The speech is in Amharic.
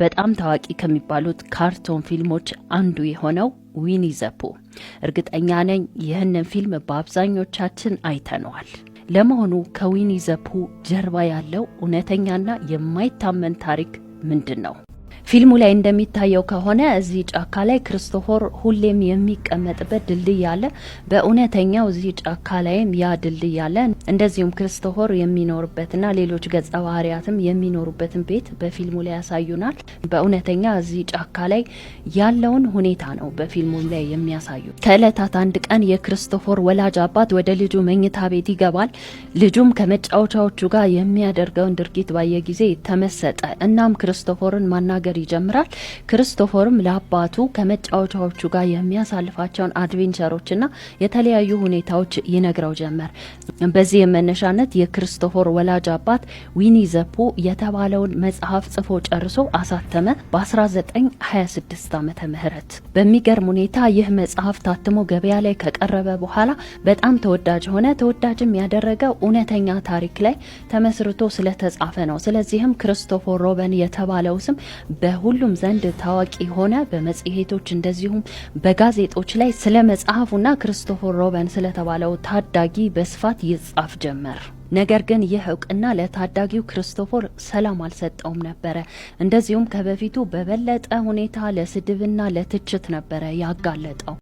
በጣም ታዋቂ ከሚባሉት ካርቶን ፊልሞች አንዱ የሆነው ዊኒ ዘፖ እርግጠኛ ነኝ ይህንን ፊልም በአብዛኞቻችን አይተነዋል። ለመሆኑ ከዊኒ ዘፖ ጀርባ ያለው እውነተኛና የማይታመን ታሪክ ምንድን ነው? ፊልሙ ላይ እንደሚታየው ከሆነ እዚህ ጫካ ላይ ክርስቶፎር ሁሌም የሚቀመጥበት ድልድይ አለ። በእውነተኛው እዚህ ጫካ ላይም ያ ድልድይ አለ። እንደዚሁም ክርስቶፎር የሚኖርበትና ሌሎች ገጸ ባህርያትም የሚኖሩበትን ቤት በፊልሙ ላይ ያሳዩናል። በእውነተኛ እዚህ ጫካ ላይ ያለውን ሁኔታ ነው በፊልሙ ላይ የሚያሳዩ። ከእለታት አንድ ቀን የክርስቶፎር ወላጅ አባት ወደ ልጁ መኝታ ቤት ይገባል። ልጁም ከመጫወቻዎቹ ጋር የሚያደርገውን ድርጊት ባየ ጊዜ ተመሰጠ። እናም ክርስቶፎርን ማና መናገር ይጀምራል። ክርስቶፎርም ለአባቱ ከመጫወቻዎቹ ጋር የሚያሳልፋቸውን አድቬንቸሮችና የተለያዩ ሁኔታዎች ይነግረው ጀመር። በዚህ የመነሻነት የክርስቶፎር ወላጅ አባት ዊኒ ዘፖ የተባለውን መጽሐፍ ጽፎ ጨርሶ አሳተመ በ1926 ዓመተ ምህረት በሚገርም ሁኔታ ይህ መጽሐፍ ታትሞ ገበያ ላይ ከቀረበ በኋላ በጣም ተወዳጅ ሆነ። ተወዳጅም ያደረገው እውነተኛ ታሪክ ላይ ተመስርቶ ስለተጻፈ ነው። ስለዚህም ክርስቶፎር ሮበን የተባለው ስም በሁሉም ዘንድ ታዋቂ ሆነ። በመጽሔቶች እንደዚሁም በጋዜጦች ላይ ስለ መጽሐፉና ክርስቶፈር ሮበን ስለተባለው ታዳጊ በስፋት ይጻፍ ጀመር። ነገር ግን ይህ እውቅና ለታዳጊው ክርስቶፈር ሰላም አልሰጠውም ነበረ። እንደዚሁም ከበፊቱ በበለጠ ሁኔታ ለስድብና ለትችት ነበረ ያጋለጠው።